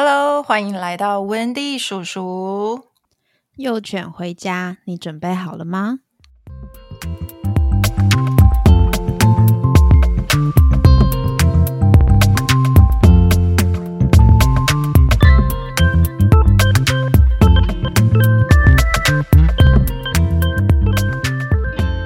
Hello，歡迎來到 Wendy 叔叔。幼犬回家，你準備好了嗎？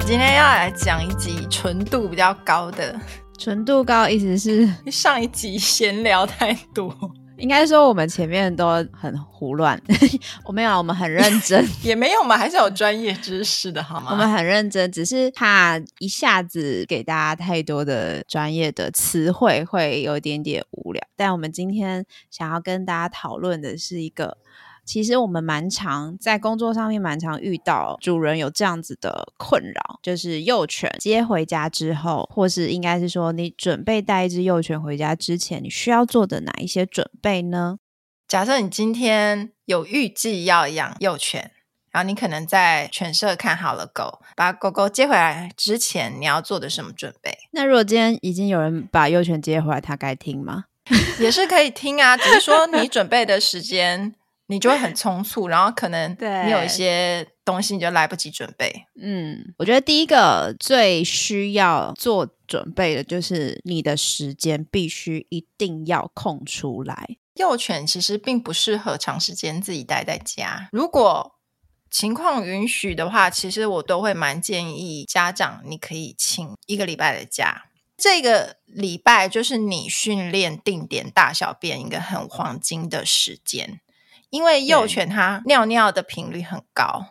今天要來講一集純度比較高的，純度高意思是上一集閒聊太多。應該說，我們前面都很胡亂，我 沒有，我們很認真， 也沒有嘛，還是有專業知識的，好嗎？我們很認真，只是怕一下子給大家太多的專業的詞彙會有點點無聊。但我們今天想要跟大家討論的是一個。其實我們蠻常在工作上面蠻常遇到主人有這樣子的困擾，就是幼犬接回家之後，或是應該是說你準備帶一只幼犬回家之前，你需要做的哪一些準備呢？假設你今天有預計要養幼犬，然後你可能在犬舍看好了狗，把狗狗接回來之前，你要做的什麼準備？那如果今天已經有人把幼犬接回來，他該聽嗎？也是可以聽啊，只是說你準備的時間。 你就會很匆促，對然後可能你有一些東西你就來不及準備。對嗯，我覺得第一個最需要做準備的就是你的時間必須一定要空出來。幼犬其實並不適合長時間自己待在家，如果情況允許的話，其實我都會蠻建議家長，你可以請一個禮拜的假。這個禮拜就是你訓練定點大小便一個很黃金的時間。因為幼犬它尿尿的頻率很高，對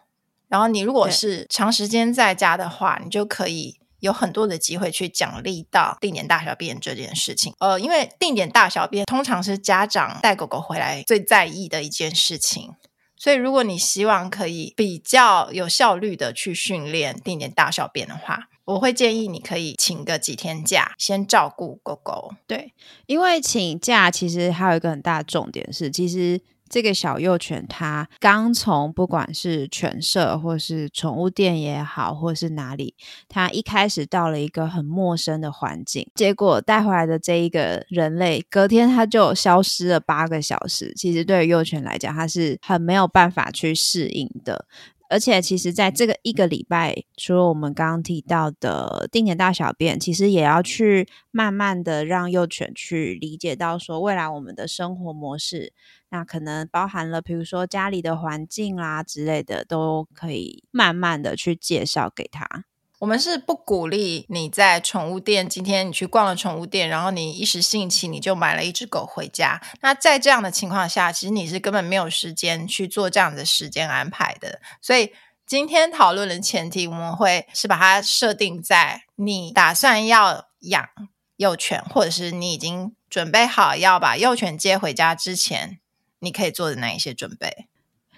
然後你如果是長時間在家的話，對你就可以有很多的機會去獎勵到定點大小便這件事情。呃，因為定點大小便通常是家長帶狗狗回來最在意的一件事情，所以如果你希望可以比較有效率的去訓練定點大小便的話，我會建議你可以請個幾天假先照顧狗狗。對，因為請假其實還有一個很大的重點是，其實。這個小幼犬它剛從不管是犬舍或是寵物店也好，或是哪裡，它一開始到了一個很陌生的環境，結果帶回來的這一個人類，隔天它就消失了八個小時。其實對於幼犬來講，它是很沒有辦法去適應的。而且，其實在這個一個禮拜，除了我們剛剛提到的定點大小便，其實也要去慢慢的讓幼犬去理解到，說未來我們的生活模式。那可能包含了，比如說家裡的環境啊之類的，都可以慢慢的去介紹給他。我們是不鼓勵你在寵物店，今天你去逛了寵物店，然後你一時興起，你就買了一隻狗回家。那在這樣的情況下，其實你是根本沒有時間去做這樣的時間安排的。所以今天討論的前提，我們會是把它設定在你打算要養幼犬，或者是你已經準備好要把幼犬接回家之前。你可以做的哪一些準備？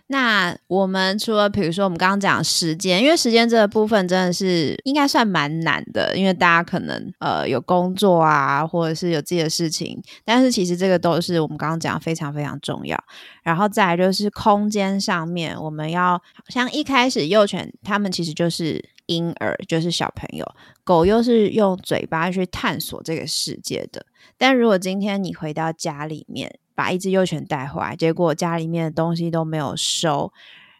那我們除了比如說我們剛剛講時間，因為時間這個部分真的是應該算蠻難的，因為大家可能呃有工作啊，或者是有自己的事情，但是其實這個都是我們剛剛講非常非常重要。然後再來就是空間上面，我們要像一開始幼犬，它們其實就是嬰兒，就是小朋友，狗又是用嘴巴去探索這個世界的。但如果今天你回到家裡面，把一隻幼犬帶回來，結果家裡面的東西都沒有收，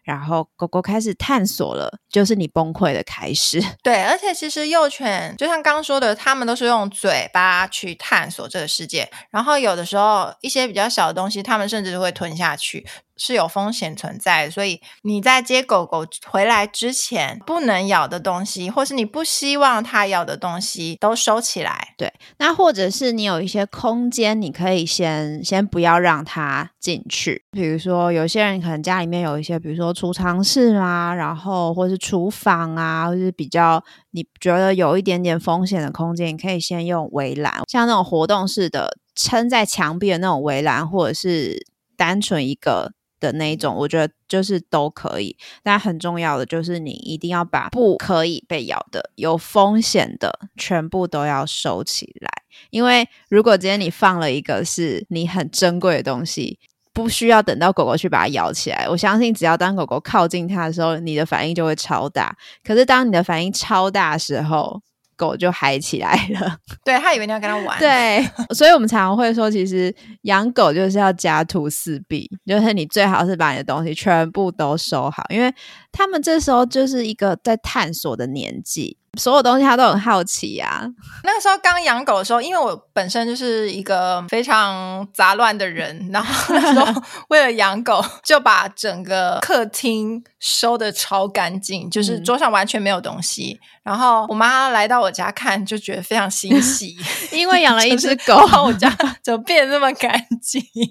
然後狗狗開始探索了，就是你崩潰的開始。對，而且其實幼犬就像剛說的，它們都是用嘴巴去探索這個世界，然後有的時候一些比較小的東西，它們甚至會吞下去。是有風險存在的，所以你在接狗狗回來之前，不能咬的東西，或是你不希望它咬的東西，都收起來。對，那或者是你有一些空間，你可以先先不要讓它進去。比如說，有些人可能家裡面有一些，比如說儲藏室啊，然後或是廚房啊，或是比較你覺得有一點點風險的空間，你可以先用圍欄，像那種活動式的，撐在牆壁的那種圍欄，或者是單純一個。的那一種，我覺得就是都可以，但很重要的就是你一定要把不可以被咬的、有風險的全部都要收起來，因為如果今天你放了一個是你很珍貴的東西，不需要等到狗狗去把它咬起來，我相信只要當狗狗靠近它的時候，你的反應就會超大。可是當你的反應超大的時候，狗就嗨起來了，對，他以為你要跟他玩，對，所以我們常常會說，其實養狗就是要家徒四壁，就是你最好是把你的東西全部都收好，因為他們這時候就是一個在探索的年紀，所有東西他都很好奇呀、啊。那個時候剛養狗的時候，因為我本身就是一個非常雜亂的人，然後那時候為了養狗就把整個客廳收得超乾淨，就是桌上完全沒有東西。然後我媽來到我家看，就覺得非常欣喜， 因為養了一隻狗，就是、然後我家怎麼變得那麼乾淨？ 因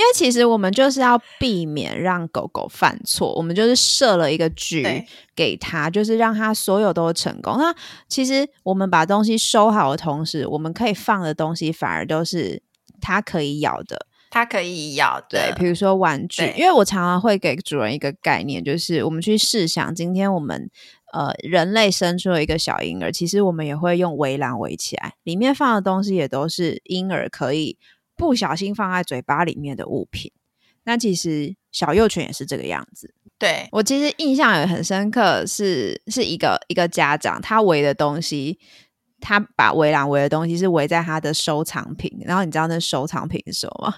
為其實我們就是要避免讓狗狗犯錯，我們就是設了一個局給他，對就是讓他所有都有成功。那其實我們把東西收好的同時，我們可以放的東西反而都是它可以咬的，它可以咬。對，比如說玩具，對因為我常常會給主人一個概念，就是我們去試想，今天我們。呃，人類生出了一個小嬰兒，其實我們也會用圍欄圍起來，裡面放的東西也都是嬰兒可以不小心放在嘴巴裡面的物品。那其實小幼犬也是這個樣子。對。我其實印象也很深刻，是是一個一個家長，他圍的東西，他把圍欄圍的東西是圍在他的收藏品，然後你知道那收藏品是什麼嗎？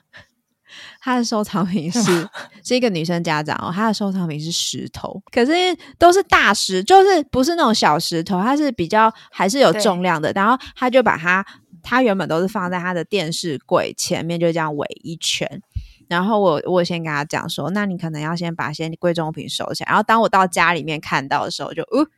他的收藏品是是，嗎是一個女生家長哦，她的收藏品是石頭，可是都是大石，就是不是那種小石頭，它是比較還是有重量的。對然後她就把它，她原本都是放在她的電視櫃前面，就這樣圍一圈。然後我我先跟她講說，那你可能要先把一些貴重物品收起來。然後當我到家裡面看到的時候就，就、呃、嗚。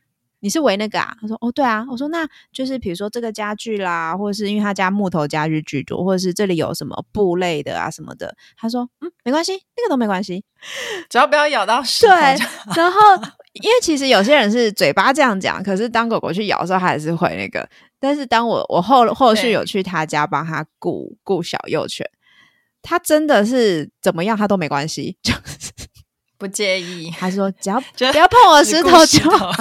你是圍那個啊？他說哦，對啊。我說那就是比如說這個家具啦，或者是因為他家木頭家具居多，或者是這裡有什麼布類的啊什麼的。他說嗯，沒關係，那個都沒關係，只要不要咬到水。對，好然後因為其實有些人是嘴巴這樣講，可是當狗狗去咬的時候，還是會那個。但是當我我後後續有去他家幫他顧顧對小幼犬，他真的是怎麼樣他都沒關係。就是不介意，還說只要不要碰我石頭就 好。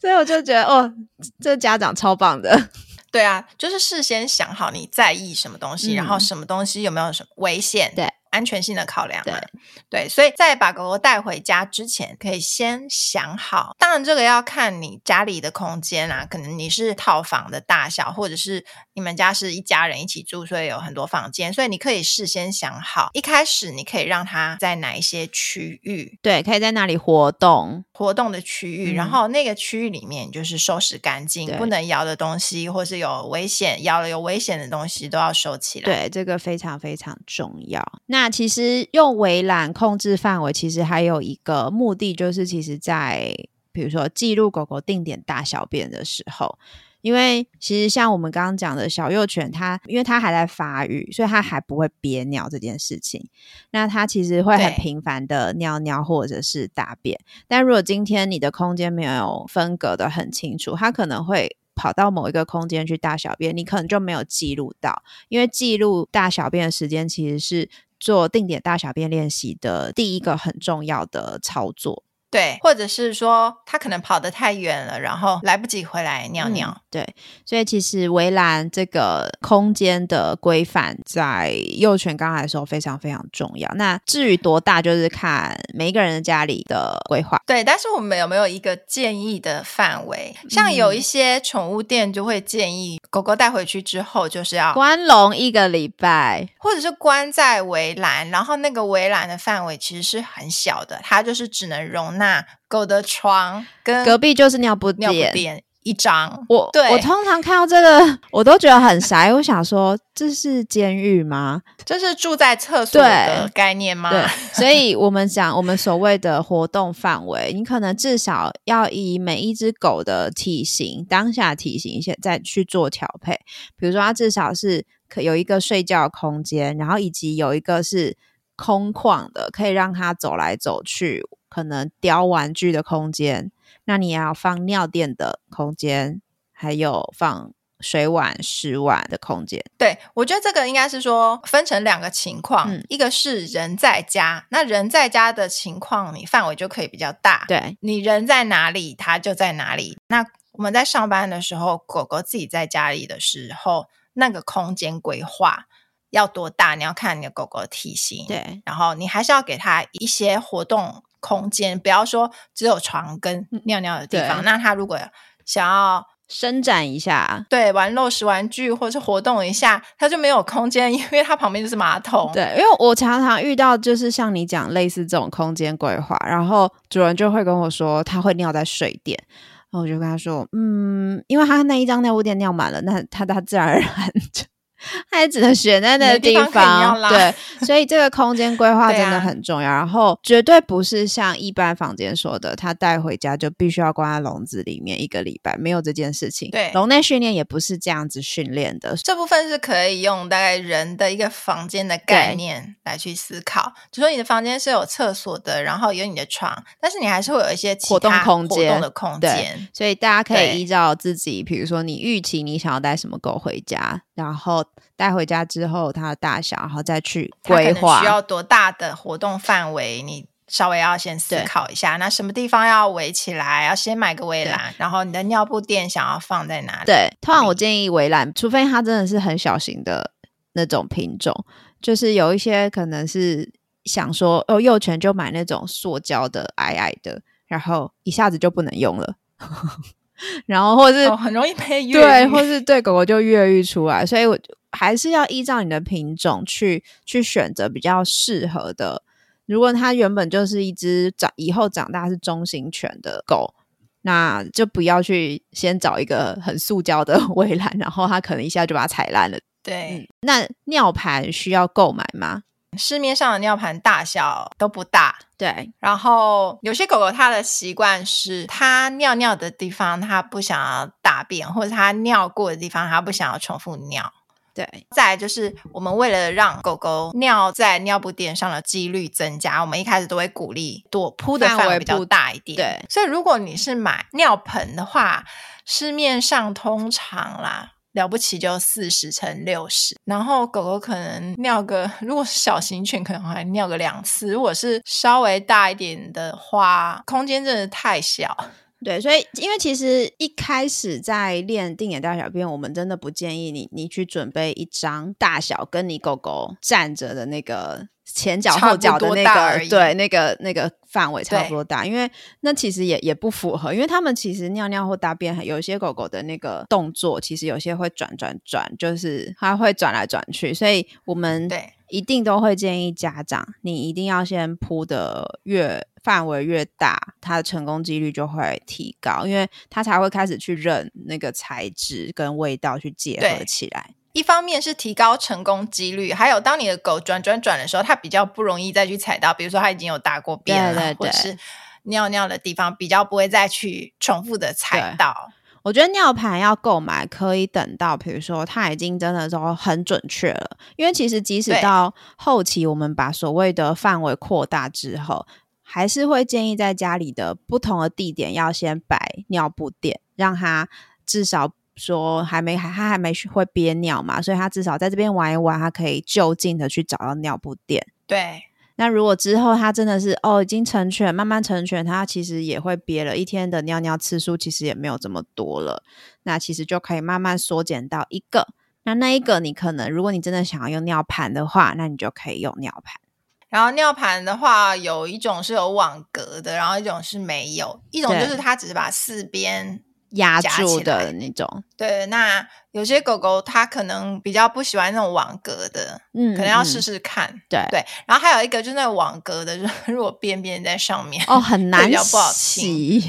所以我就覺得，哦，這家長超棒的。對啊，就是事先想好你在意什麼東西，嗯、然後什麼東西有沒有什麼危險。對。安全性的考量了，對，對對，所以在把狗狗帶回家之前，可以先想好。當然，這個要看你家裡的空間啊，可能你是套房的大小，或者是你們家是一家人一起住，所以有很多房間，所以你可以事先想好，一開始你可以讓它在哪一些區域，對，可以在那裡活動，活動的區域，嗯、然後那個區域裡面就是收拾乾淨，對不能咬的東西，或是有危險咬了有危險的東西都要收起來。對，這個非常非常重要。那那其實用圍欄控制範圍，其實還有一個目的，就是其實，在比如說記錄狗狗定點大小便的時候，因為其實像我們剛剛講的小幼犬，它因為它還在發育，所以它還不會憋尿這件事情。那它其實會很頻繁的尿尿或者是大便。但如果今天你的空間沒有分隔得很清楚，它可能會跑到某一個空間去大小便，你可能就沒有記錄到。因為記錄大小便的時間其實是。做定點大小便練習的第一個很重要的操作。對，或者是說他可能跑得太遠了，然後來不及回來尿尿。嗯、對，所以其實圍欄這個空間的規範在幼犬剛來的時候非常非常重要。那至於多大，就是看每一個人家裡的規劃。對，但是我們有沒有一個建議的範圍？像有一些寵物店就會建議，狗狗帶回去之後就是要關籠一個禮拜，或者是關在圍欄，然後那個圍欄的範圍其實是很小的，它就是只能容。那狗的床跟隔壁就是尿布尿布墊一張，我對我通常看到這個我都覺得很傻，我想說這是監獄嗎？這是住在廁所的對概念嗎？對，所以我們講我們所謂的活動範圍， 你可能至少要以每一只狗的體型當下體型先再去做調配，比如說它至少是可有一個睡覺空間，然後以及有一個是。空曠的，可以讓它走來走去，可能叼玩具的空間。那你也要放尿墊的空間，還有放水碗、食碗的空間。對，我覺得這個應該是說分成兩個情況，嗯，一個是人在家，那人在家的情況，你範圍就可以比較大。對，你人在哪裡，它就在哪裡。那我們在上班的時候，狗狗自己在家裡的時候，那個空間規劃。要多大？你要看你的狗狗的體型。對，然後你還是要給他一些活動空間，不要說只有床跟尿尿的地方。嗯、那他如果想要伸展一下，對，玩漏食玩具或者是活動一下，他就沒有空間，因為他旁邊就是馬桶。對，因為我常常遇到就是像你講類似這種空間規劃，然後主人就會跟我說他會尿在睡墊，然後我就跟他說，嗯，因為他那一張尿布墊尿滿了，那他他自然而然就。孩子能選在的地方，地方，對，所以這個空間規劃真的很重要。 啊、然後絕對不是像一般房間說的，他帶回家就必須要關在籠子裡面一個禮拜，沒有這件事情。對，籠內訓練也不是這樣子訓練的。這部分是可以用大概人的一個房間的概念對來去思考，比如說你的房間是有廁所的，然後有你的床，但是你還是會有一些其他活動活動空間的空間。所以大家可以依照自己，比如說你預期你想要帶什麼狗回家。然後帶回家之後，它的大小，然後再去規劃需要多大的活動範圍，你稍微要先思考一下。對那什麼地方要圍起來？要先買個圍欄。對然後你的尿布墊想要放在哪裡？對，通常我建議圍欄，嗯、除非它真的是很小型的那種品種。就是有一些可能是想說，哦，幼犬就買那種塑膠的矮矮的，然後一下子就不能用了。 然後或是，哦、很容易被對，或是對狗狗就越獄出來，所以我還是要依照你的品種去去選擇比較適合的。如果它原本就是一隻長以後長大是中型犬的狗，那就不要去先找一個很塑膠的圍欄，然後它可能一下就把它踩爛了。對、嗯，那尿盤需要購買嗎？市面上的尿盤大小都不大。對，然後有些狗狗它的習慣是，它尿尿的地方它不想要大便，或者它尿過的地方它不想要重複尿。對，再來就是我們為了讓狗狗尿在尿布墊上的幾率增加，我們一開始都會鼓勵多鋪的範圍比較大一點。對，所以如果你是買尿盆的話，市面上通常啦。了不起就四十乘六十，然後狗狗可能尿個，如果是小型犬可能還尿個兩次，如果是稍微大一點的話，空間真的太小。對，所以因為其實一開始在練定點大小便，我們真的不建議你，你去準備一張大小跟你狗狗站着的那個前腳後腳的那個差不多大，對，那個那個範圍差不多大，對因為那其實也也不符合，因為他們其實尿尿或大便，有些狗狗的那個動作其實有些會轉轉轉，就是它會轉來轉去，所以我們對一定都會建議家長，你一定要先鋪得越。範圍越大，它的成功幾率就會提高，因為它才會開始去認那個材質跟味道去結合起來。一方面是提高成功幾率，還有當你的狗轉轉轉的時候，它比較不容易再去踩到，比如說它已經有大過便了，對對對或者是尿尿的地方，比較不會再去重複的踩到。我覺得尿盤要購買，可以等到比如說它已經真的都很準確了，因為其實即使到後期，我們把所謂的範圍擴大之後。還是會建議在家裡的不同的地點要先擺尿布墊，讓他至少說還沒，他還沒會憋尿嘛，所以他至少在這邊玩一玩，他可以就近的去找到尿布墊。對，那如果之後他真的是哦已經成犬，慢慢成犬他，其實也會憋了一天的尿尿次數，其實也沒有這麼多了。那其實就可以慢慢縮減到一個。那那一個你可能，如果你真的想要用尿盤的話，那你就可以用尿盤。然後尿盤的話，有一種是有網格的，然後一種是沒有，一種就是它只是把四邊壓住的那種。對，那有些狗狗它可能比較不喜歡那種網格的，嗯，可能要試試看。嗯、對，對。然後還有一個就是那種網格的，就是如果便便在上面，哦，很難，比較不好洗。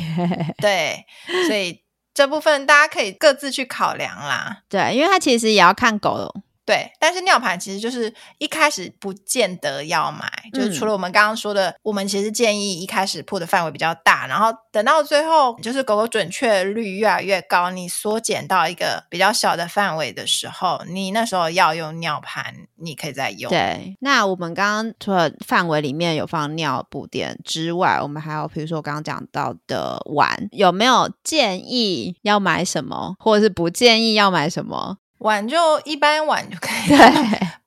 對，所以這部分大家可以各自去考量啦。對，因為它其實也要看狗。對，但是尿盤其實就是一開始不見得要買，嗯、就是除了我們剛剛說的，我們其實建議一開始鋪的範圍比較大，然後等到最後就是狗狗準確率越來越高，你縮減到一個比較小的範圍的時候，你那時候要用尿盤，你可以再用。對，那我們剛剛除了範圍裡面有放尿布墊之外，我們還有比如說剛剛講到的碗，有沒有建議要買什麼，或者是不建議要買什麼？碗就一般碗就可以，對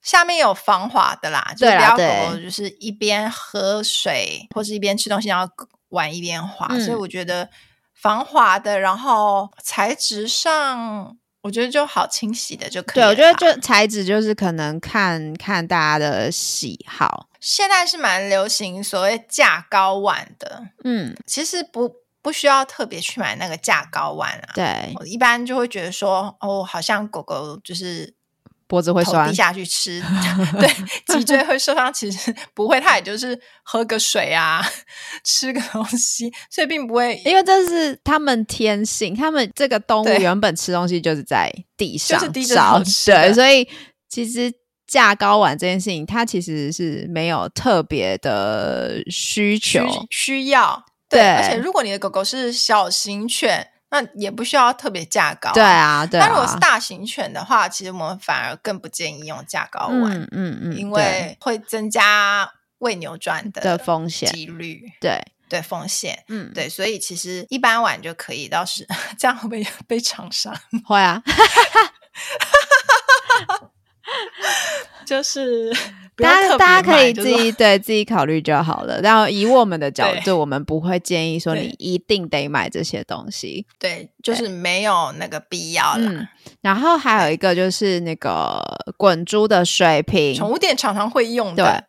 下面有防滑的啦，啊、就不要狗，狗就是一邊喝水，啊、或是一邊吃東西，然後碗一邊滑，嗯、所以我覺得防滑的，然後材質上我覺得就好清洗的就可以了。對，我覺得就材質就是可能看看，看大家的喜好，現在是蠻流行所謂架高碗的，嗯，其實不。不需要特別去買那個架高碗啊！對，我一般就會覺得說，哦，好像狗狗就是脖子會酸，低下去吃， 對，脊椎會受傷。 其實不會，它也就是喝個水啊，吃個東西，所以並不會。因為這是它們天性，它們這個動物原本吃東西就是在地上，就是、地上。對，所以其實架高碗這件事情，它其實是沒有特別的需求需要。對，對而且如果你的狗狗是小型犬，那也不需要特別架高。對啊，對啊。但如果是大型犬的話，其實我們反而更不建議用架高碗，嗯嗯嗯，嗯嗯，因為會增加胃扭轉的風險幾率。風對對，風險，嗯對。所以其實一般碗就可以到時，倒是這樣會被被廠商會啊。 就是，大家大家可以自己 對，自己考慮就好了。然後以我們的角度， 對我們不會建議說你一定得買這些東西。對，對就是沒有那個必要了對、嗯。然後還有一個就是那個滾珠的水瓶，寵對物店常常會用的。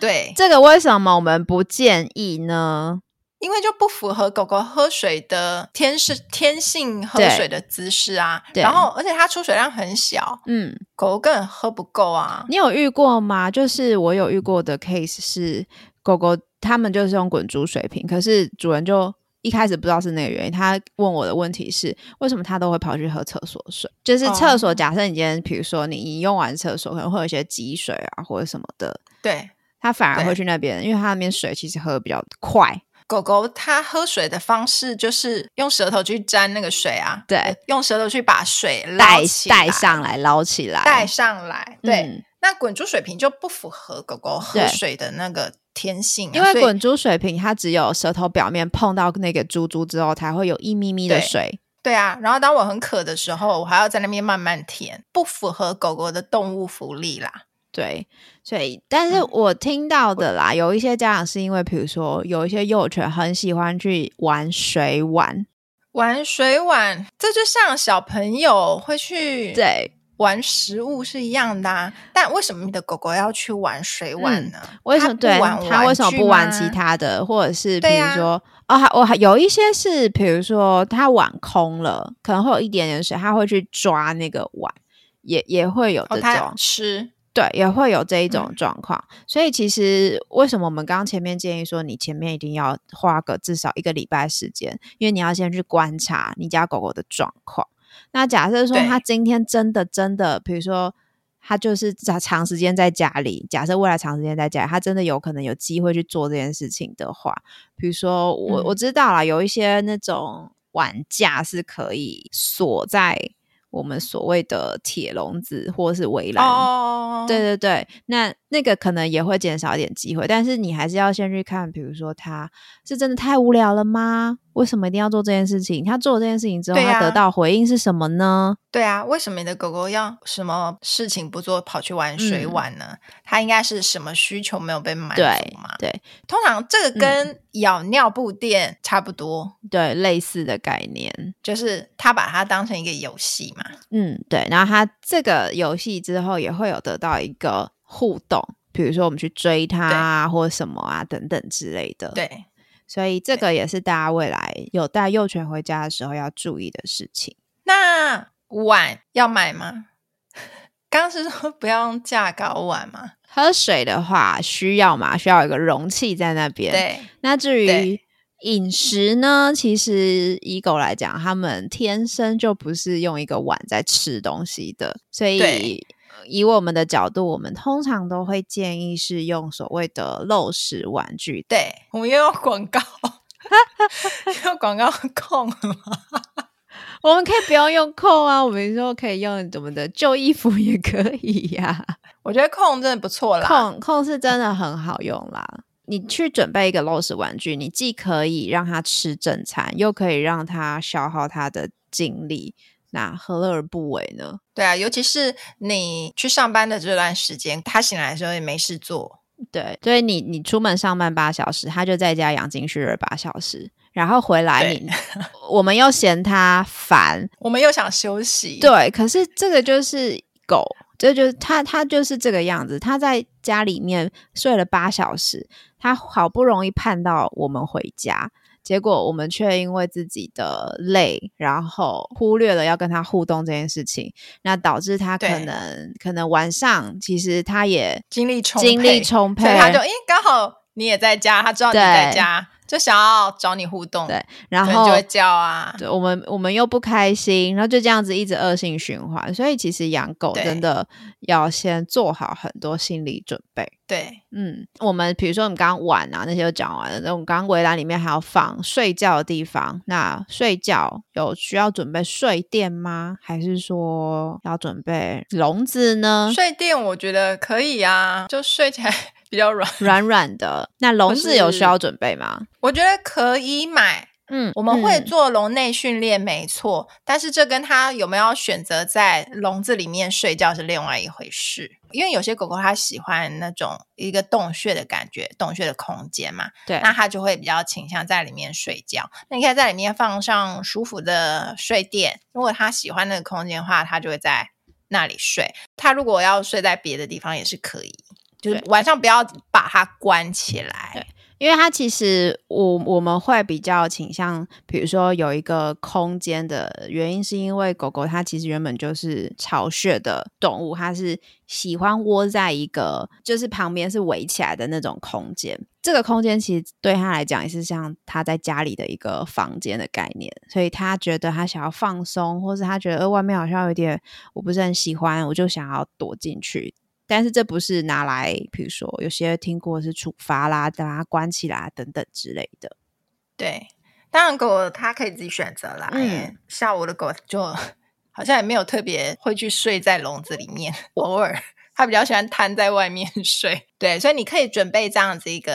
對，對這個為什麼我們不建議呢？因為就不符合狗狗喝水的天是天性喝水的姿勢啊，對對然後而且它出水量很小，嗯，狗狗根本喝不夠啊。你有遇過嗎？就是我有遇過的 case 是狗狗，它們就是用滾珠水瓶，可是主人就一開始不知道是那個原因。他問我的問題是，為什麼它都會跑去喝廁所水？就是廁所，哦、假設你今天譬如說你用完廁所，可能會有一些積水啊或者什麼的，對，它反而會去那邊，對因為它那邊水其實喝得比較快。狗狗它喝水的方式就是用舌頭去沾那個水啊，對、呃，用舌頭去把水撈起來帶，帶上來，撈起來，帶上來。對，嗯、那滾珠水瓶就不符合狗狗喝水的那個天性、啊，對以因為滾珠水瓶它只有舌頭表面碰到那個珠珠之後，才會有一咪咪的水對。對啊，然後當我很渴的時候，我還要在那邊慢慢舔，不符合狗狗的動物福利啦。對，所以但是我聽到的啦，嗯、有一些家長是因為，比如說有一些幼犬很喜歡去玩水碗，玩水碗，這就像小朋友會去對玩食物是一樣的、啊。對但為什麼你的狗狗要去玩水碗呢？嗯、為什麼他玩玩對它為什麼不玩其他的，或者是比如說、啊、哦，我有一些是，比如說它碗空了，可能會有一點點水，它會去抓那個碗，也也會有這種、哦、他吃。對，也會有這一種狀況，嗯、所以其實為什麼我們剛剛前面建議說，你前面一定要花個至少一個禮拜時間，因為你要先去觀察你家狗狗的狀況。那假設說他今天真的真的，比對如說他就是在長時間在家裡，假設未來長時間在家裡，他真的有可能有機會去做這件事情的話，比如說我、嗯、我知道了，有一些那種碗架是可以鎖在。我們所謂的鐵籠子或是圍欄，oh. 對對對，那。那個可能也會減少一點機會，但是你還是要先去看，比如說他是真的太無聊了嗎？為什麼一定要做這件事情？他做這件事情之後，啊、他得到回應是什麼呢？對啊，為什麼你的狗狗要什麼事情不做，跑去玩水玩呢？它、嗯、應該是什麼需求沒有被滿足嘛？對，通常這個跟咬尿布墊差不多、嗯，對，類似的概念，就是他把它當成一個遊戲嘛。嗯，對，然後他這個遊戲之後也會有得到一個。互動，比如說我們去追它啊，對或者什麼啊等等之類的。對，所以這個也是大家未來有帶幼犬回家的時候要注意的事情。那碗要買嗎？剛,剛是說不要用架高碗嘛？喝水的話需要嘛，需要有一個容器在那邊。對。那至於飲食呢？對其實以狗來講，它們天生就不是用一個碗在吃東西的，所以。對以我們的角度，我們通常都會建議是用所謂的漏食玩具。對，我們要用廣告，用 廣告控 我們可以不要用控啊，我們說可以用我們的舊衣服也可以呀，啊。我覺得控真的不錯啦，控控是真的很好用啦。 你去準備一個漏食玩具，你既可以讓他吃正餐，又可以讓他消耗他的精力。那何樂而不為呢？對啊，尤其是你去上班的這段時間，他醒來的時候也沒事做。對，所以你你出門上班八小時，他就在家養精蓄銳八小時，然後回來你對 我們又嫌他煩，我們又想休息。對，可是這個就是狗，這就、就是、他他就是這個樣子。他在家裡面睡了八小時，他好不容易盼到我們回家。結果我們卻因為自己的累，然後忽略了要跟他互動這件事情，那導致他可能對可能晚上其實他也精力充沛，精力充沛，他就誒剛好你也在家，他知道你在家。就想要找你互動，對，然後就會叫啊。對，我們我們又不開心，然後就這樣子一直惡性循環。所以其實養狗真的要先做好很多心理準備。對，嗯，我們比如說你剛剛碗啊那些都講完了，那我們剛剛圍欄裡面還要放睡覺的地方。那睡覺有需要準備睡墊嗎？還是說要準備籠子呢？睡墊我覺得可以啊，就睡起來。比較軟軟軟的。那籠子是有需要準備嗎？我覺得可以買。嗯，我們會做籠內訓練，沒錯、嗯。但是這跟他有沒有選擇在籠子裡面睡覺是另外一回事。因為有些狗狗它喜歡那種一個洞穴的感覺，洞穴的空間嘛。對，那它就會比較傾向在裡面睡覺。那你可以在裡面放上舒服的睡墊。如果它喜歡那個空間的話，它就會在那裡睡。它如果要睡在別的地方，也是可以。就是晚上不要把它關起來，對，因為它其實我我們會比較傾向，比如說有一個空間的原因，是因為狗狗它其實原本就是巢穴的動物，它是喜歡窩在一個就是旁邊是圍起來的那種空間，這個空間其實對它來講也是像它在家裡的一個房間的概念，所以它覺得它想要放鬆，或是它覺得，呃，外面好像有點我不是很喜歡，我就想要躲進去。但是這不是拿來，比如說有些人聽過是處罰啦，等它關起來，啊、等等之類的。對，當然狗它可以自己選擇啦。嗯，下午的狗就好像也沒有特別會去睡在籠子裡面，嗯，偶爾它比較喜歡癱在外面睡。對，所以你可以準備這樣子一個，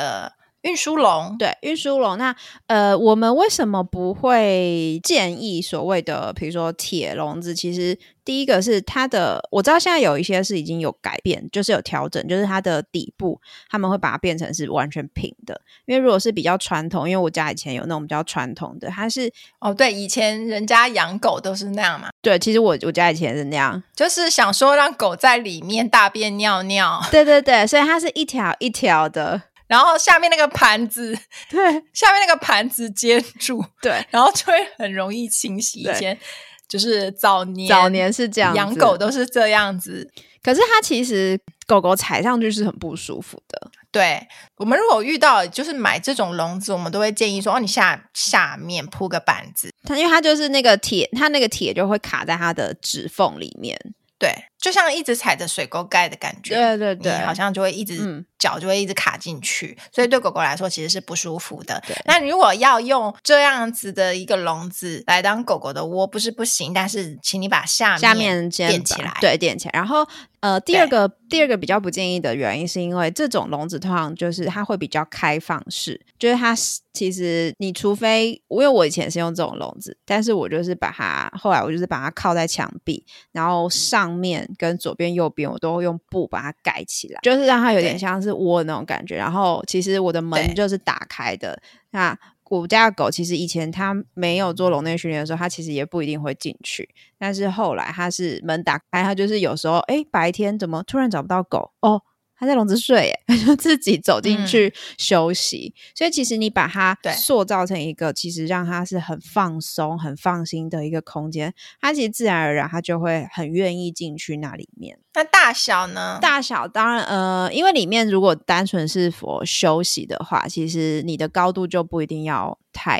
運輸籠，對，運輸籠，那呃，我們為什麼不會建議所謂的，比如說鐵籠子？其實第一個是它的，我知道現在有一些是已經有改變，就是有調整，就是它的底部，它們會把它變成是完全平的。因為如果是比較傳統，因為我家以前有那種比較傳統的，它是，哦，對，以前人家養狗都是那樣嘛。對，其實我我家以前是那樣，就是想說讓狗在裡面大便尿尿。對對對，所以它是一條一條的。然後下面那個盤子，對，下面那個盤子接住，對，然後就會很容易清洗。以前對就是早年早年是這樣，養狗都是這樣子。可是它其實狗狗踩上去是很不舒服的。對，我們如果遇到，就是買這種籠子，我們都會建議說：哦，你下下面鋪個板子。它因為它就是那個鐵，它那個鐵就會卡在它的指縫裡面，對。就像一直踩着水溝蓋的感覺，對對對，你好像就會一直、嗯、腳就會一直卡進去，所以對狗狗來說其實是不舒服的。對那如果要用這樣子的一個籠子來當狗狗的窩，不是不行，但是請你把下面下面墊起來，對，墊起來。然後呃，第二個對第二個比較不建議的原因，是因為這種籠子通常就是它會比較開放式，就是它其實你除非因為我以前是用這種籠子，但是我就是把它後來我就是把它靠在牆壁，然後上面、嗯。跟左邊右邊，我都會用布把它蓋起來，就是讓它有點像是窩的那種感覺。對然後其實我的門就是打開的。對那我家的狗其實以前它沒有做籠內訓練的時候，它其實也不一定會進去。但是後來它是門打開，它就是有時候哎，白天怎麼突然找不到狗哦？他在籠子睡，他就自己走進去休息。嗯、所以其實你把它塑造成一個，對其實讓他是很放鬆、很放心的一個空間，他其實自然而然他就會很願意進去那裡面。那大小呢？大小當然呃，因為裡面如果單純是否休息的話，其實你的高度就不一定要太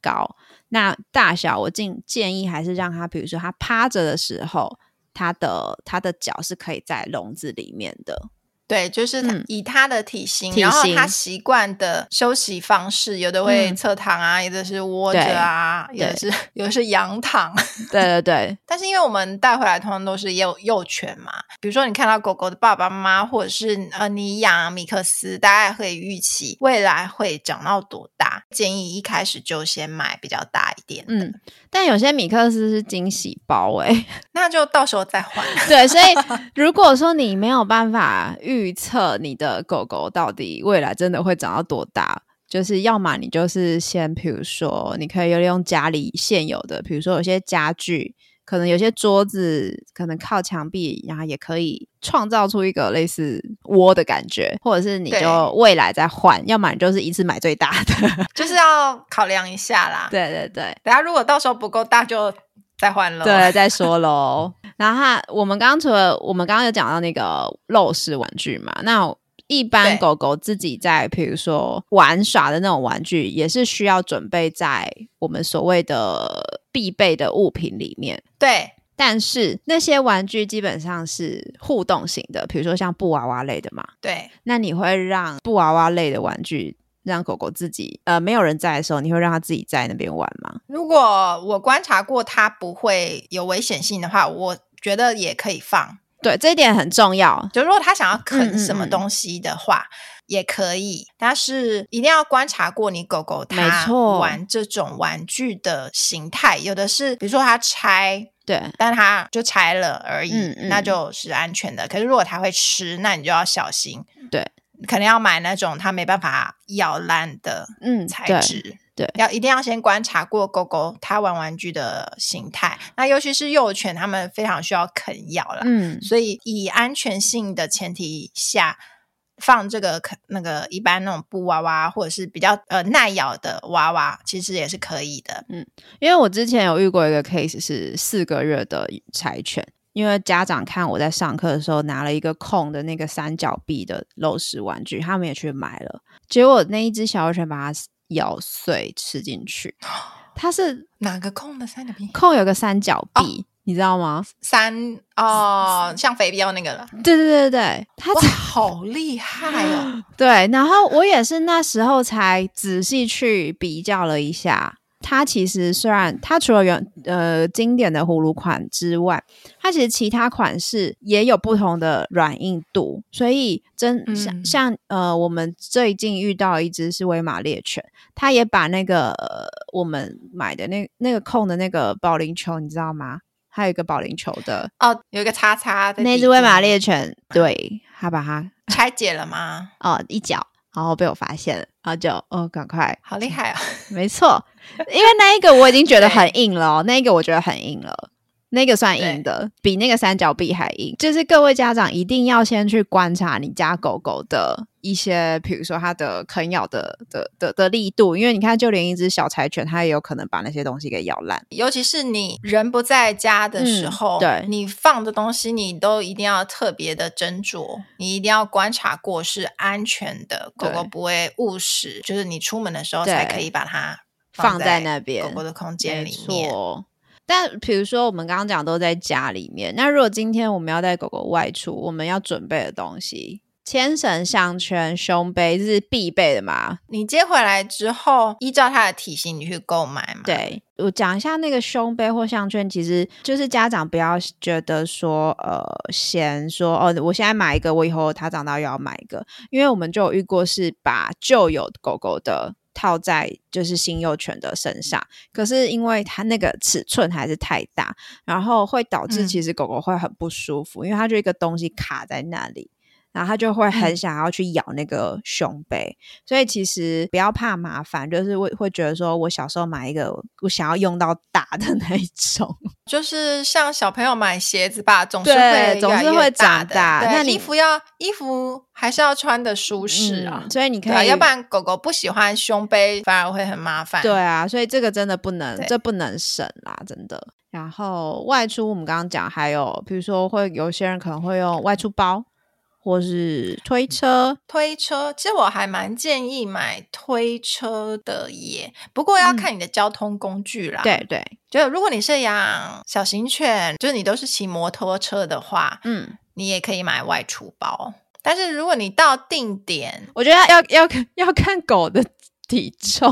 高。那大小我建建議還是讓他，比如說他趴着的時候，他的他的腳是可以在籠子裡面的。對，就是以他的體型，嗯、然後他習慣的休息方式，型有的會側躺啊，有的、嗯、是窩着啊，有的對、就是，有的對是仰躺。 對對對。但是因為我們帶回來通常都是幼幼犬嘛，比如說你看到狗狗的爸爸媽媽，或者是呃，你養米克斯，大概會預期未來會長到多大，建議一開始就先買比較大一點的，嗯，但有些米克斯是驚喜包哎、欸，那就到時候再換。 對，所以如果說你沒有辦法預。預測你的狗狗到底未來真的會長到多大，就是要麼你就是先，比如說你可以用家裡現有的，比如說有些家具，可能有些桌子，可能靠牆壁，然後也可以創造出一個類似窩的感覺，或者是你就未來再換，對要麼你就是一次買最大的， 就是要考量一下啦。對對對，等下如果到時候不夠大就。再換嘍，對，再說嘍。 然後我們剛剛除了我們剛剛有講到那個露食玩具嘛，那一般狗狗自己在，對比如說玩耍的那種玩具，也是需要準備在我們所謂的必備的物品裡面。對，但是那些玩具基本上是互動型的，比如說像布娃娃類的嘛。對，那你會讓布娃娃類的玩具？讓狗狗自己，呃，沒有人在的時候，你會讓它自己在那邊玩嗎？如果我觀察過它不會有危險性的話，我覺得也可以放。對，這一點很重要。就如果它想要啃什麼東西的話，嗯嗯嗯也可以，但是一定要觀察過你狗狗它玩這種玩具的形態。沒錯。有的是比如說它拆，對，但它就拆了而已，嗯嗯那就是安全的。可是如果它會吃，那你就要小心。對。可能要買那種它沒辦法咬爛的，嗯，材質，對，對，要一定要先觀察過狗狗它玩玩具的形態，那尤其是幼犬，它們非常需要啃咬了，嗯，所以以安全性的前提下放這個啃，那個一般那種布娃娃或者是比較呃耐咬的娃娃，其實也是可以的，嗯，因為我之前有遇過一個 case 是四個月的柴犬。因為家長看我在上課的時候拿了一個空的那個三角臂的漏食玩具，他們也去買了，結果那一隻小狗犬把它咬碎吃進去。它是哪個空的三角臂？空有個三角臂，你知道嗎？三哦，像肥膘那個了。對對對對對，它好厲害哦、啊！ 對，然後我也是那時候才仔細去比較了一下。它其實雖然它除了原呃經典的葫蘆款之外，它其實其他款式也有不同的軟硬度。所以真像、嗯、像呃，我們最近遇到一隻是威馬獵犬，它也把那個、呃、我們買的那那個空的那個保齡球，你知道嗎？還有一個保齡球的哦，有一個叉叉。那隻威馬獵犬，對，它、嗯、把它拆解了嗎？哦，一腳，然後被我發現，然後就哦，趕快，好厲害哦，沒錯。 因為那一個我已經覺得很硬了，哦，對那一個我覺得很硬了，那個算硬的，對比那個三角臂還硬。就是各位家長一定要先去觀察你家狗狗的一些，比如說它的啃咬的的的的力度，因為你看就連一只小柴犬，它也有可能把那些東西給咬爛。尤其是你人不在家的時候，嗯、對，你放的東西你都一定要特別的斟酌，你一定要觀察過是安全的，狗狗不會誤食，對就是你出門的時候才可以把它。放在，放在那邊，狗狗的空間裡面。沒錯，但比如說我們剛剛講都在家裡面。那如果今天我們要帶狗狗外出，我們要準備的東西，牽繩、項圈、胸背，這是必備的嘛。你接回來之後，依照它的體型，你去購買嘛。對，我講一下那個胸背或項圈，其實就是家長不要覺得說，呃，嫌說哦，我現在買一個，我以後它長大又要買一個，因為我們就有遇過是把舊有狗狗的。套在就是小幼犬的身上，可是因為它那個尺寸還是太大，然後會導致其實狗狗會很不舒服，嗯、因為它就一個東西卡在那裡。然後他就會很想要去咬那個胸背，所以其實不要怕麻煩，就是會會覺得說，我小時候買一個我想要用到大的那一種，就是像小朋友買鞋子吧，總是會越來越長大的，對，總是會長大的。對那你衣服要是衣服還是要穿得舒適啊，嗯、啊？所以你可以、啊，要不然狗狗不喜歡胸背，反而會很麻煩。對啊，所以這個真的不能，對這不能省啦，真的。然後外出，我們剛剛講還有，比如說會有些人可能會用外出包。或是推車，推車，其實我還蠻建議買推車的耶。不過要看你的交通工具啦。嗯、對對，就是如果你是養小型犬，就是你都是騎摩托車的話，嗯，你也可以買外出包。但是如果你到定點，我覺得要要要看，要看狗的。體重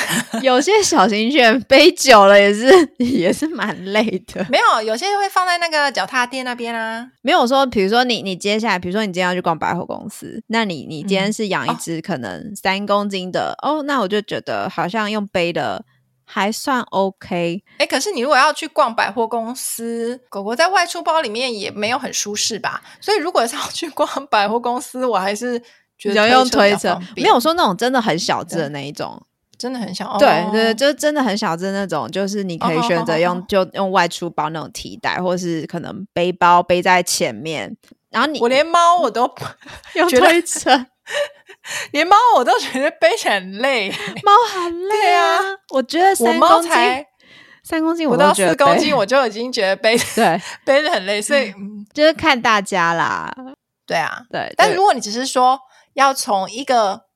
有些小型犬背久了也是也是蠻累的，沒有有些會放在那個腳踏墊那邊啊。沒有說，比如說你你接下來，比如說你今天要去逛百貨公司，那你你今天是養一隻可能三公斤的、嗯、哦，哦，那我就覺得好像用背的還算 OK。哎、欸，可是你如果要去逛百貨公司，狗狗在外出包裡面也沒有很舒適吧？所以如果是要去逛百貨公司，我還是，比較用推車，沒有說那種真的很小只的那一種，真的很小。哦、對、對、對對，就是真的很小只那種，就是你可以選擇用、哦、就用外出包那種提袋，或是可能背包背在前面。然後你，我連貓我都用推車，連貓我都覺得背起來很累，貓很累啊。啊，我覺得三公斤，三公斤，我到四公斤我就已經覺得背對 背得很累，所以、嗯、就是看大家啦。對啊，對，但如果你只是說。要從一個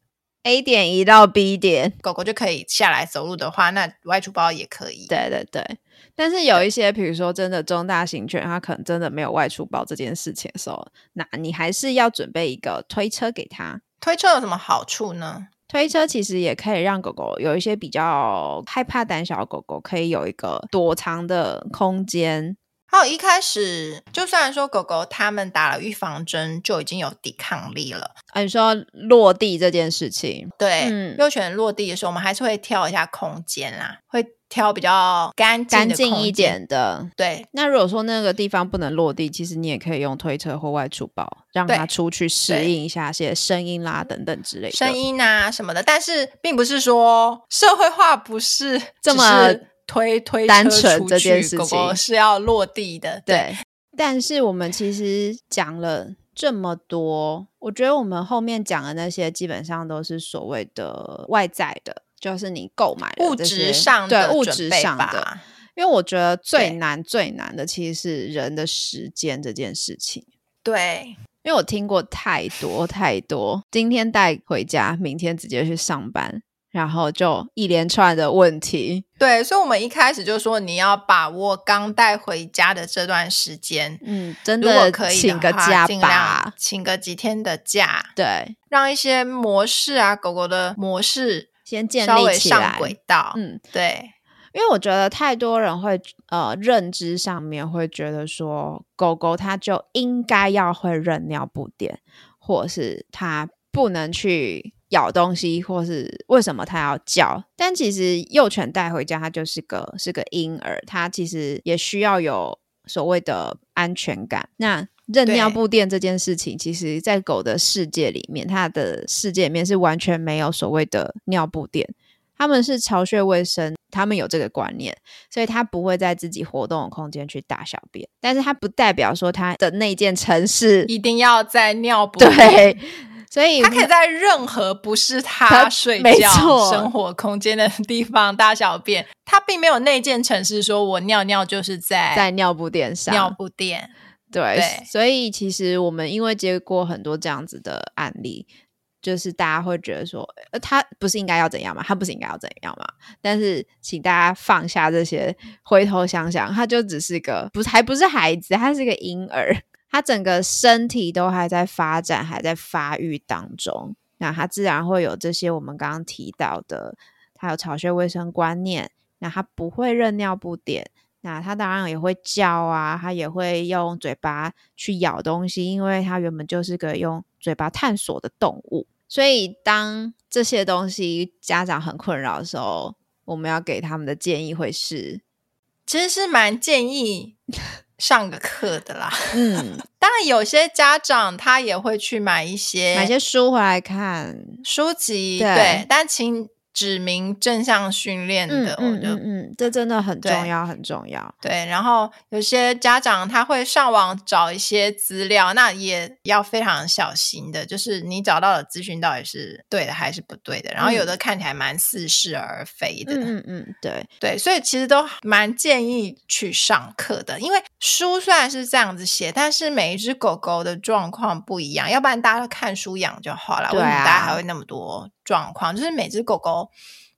A 點移到 B 點，狗狗就可以下來走路的話，那外出包也可以。對對對，但是有一些，比如說真的中大型犬，它可能真的沒有外出包這件事情的時候，那你還是要準備一個推車給它。推車有什麼好處呢？推車其實也可以讓狗狗有一些比較害怕、膽小的狗狗可以有一個躲藏的空間。到一開始就算然說狗狗他們打了預防針就已經有抵抗力了啊。你說落地這件事情，對，幼犬、嗯、落地的時候，我們還是會挑一下空間啦，會挑比較乾淨乾淨一點的。對，那如果說那個地方不能落地，其實你也可以用推車或外出包，讓它出去適應一下些聲音啦等等之類的、嗯。聲音啊什麼的，但是並不是說社會化不是，是這麼。推推車出去，單純這件事情狗狗是要落地的。對、對，但是我們其實講了這麼多，我覺得我們後面講的那些基本上都是所謂的外在的，就是你購買的物質上的準備吧，對，物質上吧。因為我覺得最難最難的其實是人的時間這件事情。對，因為我聽過太多太多，今天帶回家，明天直接去上班。然後就一連串的問題，對，所以，我們一開始就說你要把握剛帶回家的這段時間，嗯，真的可以的話請個假吧，請個幾天的假，對，讓一些模式啊，狗狗的模式稍微上軌道先建立起來，嗯，對，因為我覺得太多人會呃認知上面會覺得說，狗狗它就應該要會認尿布墊，或者是它不能去，咬東西，或是為什麼它要叫？但其實幼犬帶回家，它就是個是個嬰兒，它其實也需要有所謂的安全感。那認尿布墊這件事情，對其實，在狗的世界裡面，它的世界裡面是完全沒有所謂的尿布墊。他們是巢穴衛生，他們有這個觀念，所以它不會在自己活動的空間去大小便。但是它不代表說它的那件城市一定要在尿布。對。所以他可以在任何不是他睡覺、生活空間的地方大小便，他並沒有內建程式說“我尿尿就是在在尿布墊上”。尿布墊，對。對，所以其實我們因為接過很多這樣子的案例，就是大家會覺得說，呃，他不是應該要怎樣嘛？他不是應該要怎樣嘛？但是，請大家放下這些，回頭想想，他就只是個，不是，還不是孩子，他是個嬰兒。他整個身體都還在發展，還在發育當中，那他自然會有這些我們剛剛提到的，他有巢穴衛生觀念，那他不會認尿布點，那他當然也會叫啊，他也會用嘴巴去咬東西，因為他原本就是個用嘴巴探索的動物，所以當這些東西家長很困擾的時候，我們要給他們的建議會是，其實是蠻建議。 上個課的啦，嗯，當然有些家長他也會去買一些買些書回來看書籍，對，對，但請，指明正向訓練的，我覺得，嗯，這真的很重要，對，很重要。對，然後有些家長他會上網找一些資料，那也要非常小心的，就是你找到的資訊到底是對的還是不對的。嗯，然後有的看起來蠻似是而非的的，嗯，嗯嗯，對對，所以其實都蠻建議去上課的，因為書雖然是這樣子寫，但是每一隻狗狗的狀況不一樣，要不然大家都看書養就好了，啊，為什麼大家還會那麼多？狀況就是每只狗狗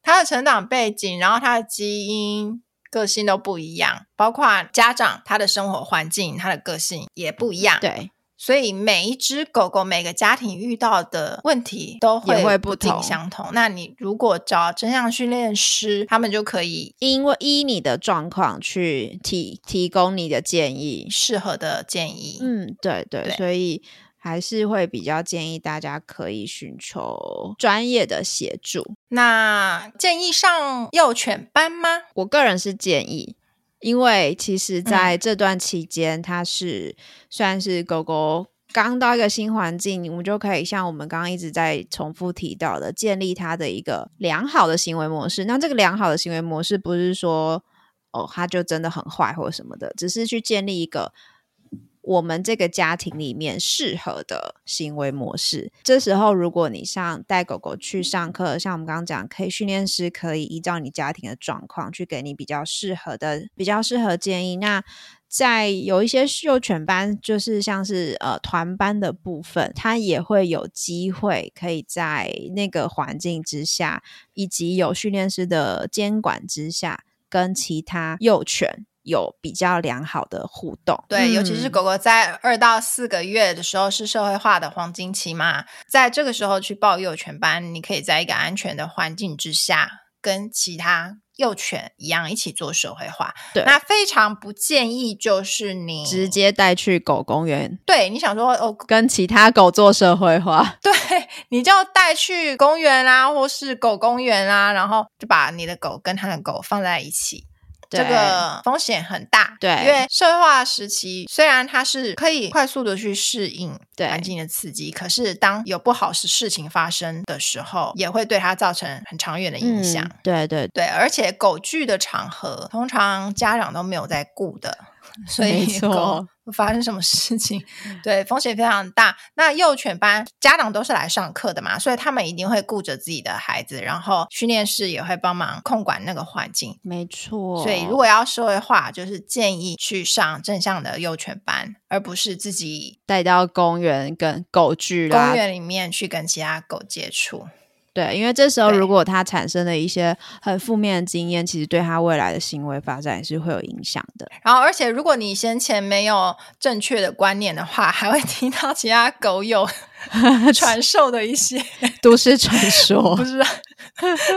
它的成長背景，然後它的基因、個性都不一樣，包括家長他的生活環境，他的個性也不一樣。對，所以每一只狗狗、每個家庭遇到的問題都會不，會不同，相同，那你如果找正向訓練師，他們就可以因為依你的狀況去提提供你的建議，適合的建議。嗯，對對，對所以。還是會比較建議大家可以尋求專業的協助。那建議上幼犬班嗎？我個人是建議，因為其實在這段期間，它是算是狗狗剛到一個新環境，我們就可以像我們剛剛一直在重複提到的，建立它的一個良好的行為模式。那這個良好的行為模式，不是說哦它就真的很壞或什麼的，只是去建立一個。我們這個家庭裡面適合的行為模式。這時候，如果你像帶狗狗去上課，像我們剛剛講，可以訓練師可以依照你家庭的狀況去給你比較適合的、比較適合建議。那在有一些幼犬班，就是像是呃團班的部分，它也會有機會可以在那個環境之下，以及有訓練師的監管之下，跟其他幼犬。有比較良好的互動，對，尤其是狗狗在二到四個月的時候是社會化的黃金期嘛，在這個時候去報幼犬班，你可以在一個安全的環境之下，跟其他幼犬一樣一起做社會化。對，那非常不建議就是你直接帶去狗公園。對，你想說哦，跟其他狗做社會化，對，你就帶去公園啊，或是狗公園啊，然後就把你的狗跟他的狗放在一起。對這個風險很大，對，因為社會化時期雖然它是可以快速的去適應環境的刺激，對可是當有不好的事情發生的時候，也會對它造成很長遠的影響。嗯、對對對，對，而且狗聚的場合，通常家長都沒有在顧的，所以。錯發生什麼事情？ 對，風險非常大。那幼犬班家長都是來上課的嘛，所以他們一定會顧着自己的孩子，然後訓練師也會幫忙控管那個環境。沒錯，所以如果要說的話，就是建議去上正向的幼犬班，而不是自己帶到公園跟狗聚啦，公園裡面去跟其他狗接觸。對，因為這時候如果他產生了一些很負面的經驗，對其實對他未來的行為發展也是會有影響的。然後，而且如果你先前沒有正確的觀念的話，還會聽到其他狗友傳授的一些 都市傳說，不是、啊？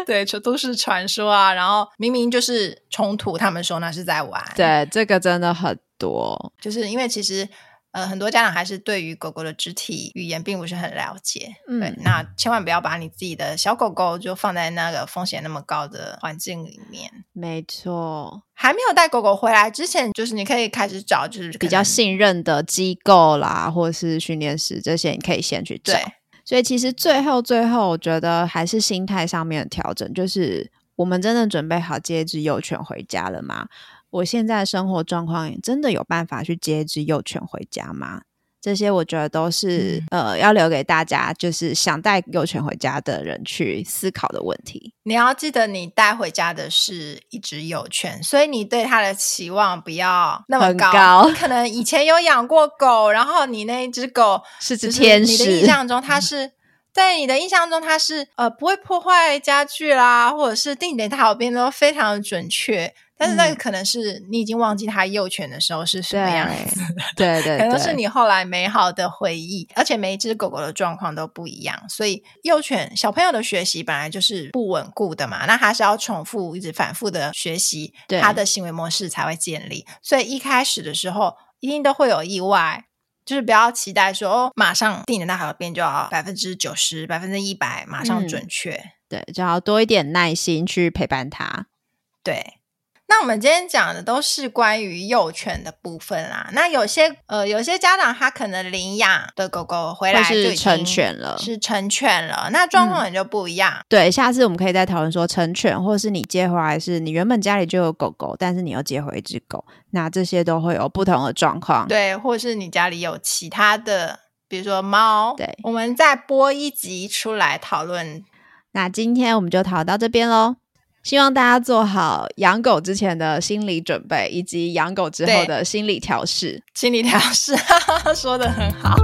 對，都市傳說啊。然後明明就是衝突，他們說那是在玩。對，這個真的很多，就是因為其實。呃，很多家長還是對於狗狗的肢體語言並不是很了解，嗯，那千萬不要把你自己的小狗狗就放在那個風險那麼高的環境裡面。沒錯，還沒有帶狗狗回來之前，就是你可以開始找，就是比較信任的機構啦，或是訓練師這些，你可以先去做。對所以其實最後最後，我覺得還是心態上面的調整，就是我們真的準備好接一隻幼犬回家了嗎？我現在生活狀況也真的有辦法去接一只幼犬回家嗎？這些我覺得都是、嗯、呃，要留給大家，就是想帶幼犬回家的人去思考的問題。你要記得，你帶回家的是一只幼犬，所以你對它的期望不要那麼高。高你可能以前有養過狗，然後你那一只狗是隻天使。你的印象中它是 在你的印象中它是呃不會破壞家具啦，或者是定點大小便都非常的準確。但是那個可能是你已經忘記它幼犬的時候是什麼樣子，嗯，對對，對對可能是你後來美好的回憶。而且每一只狗狗的狀況都不一樣，所以幼犬小朋友的學習本來就是不穩固的嘛，那還是要重複一直反覆的學習，它的行為模式才會建立。對所以一開始的時候一定都會有意外，就是不要期待說，哦，馬上定的那邊就要百分之九十、百分之一百馬上準確，嗯，對，就要多一點耐心去陪伴它，對。那我們今天講的都是關於幼犬的部分啦。那有些呃，有些家長他可能領養的狗狗回來是成犬了，是成犬了，那狀況也就不一樣。嗯。對，下次我們可以再討論說成犬，或是你接回來是你原本家裡就有狗狗，但是你又接回一隻狗，那這些都會有不同的狀況。對，或是你家裡有其他的，比如說貓，對，我們再播一集出來討論。那今天我們就討到這邊嘍。希望大家做好養狗之前的心理準備，以及養狗之後的心理調適。心理調適，哈哈，說得很好。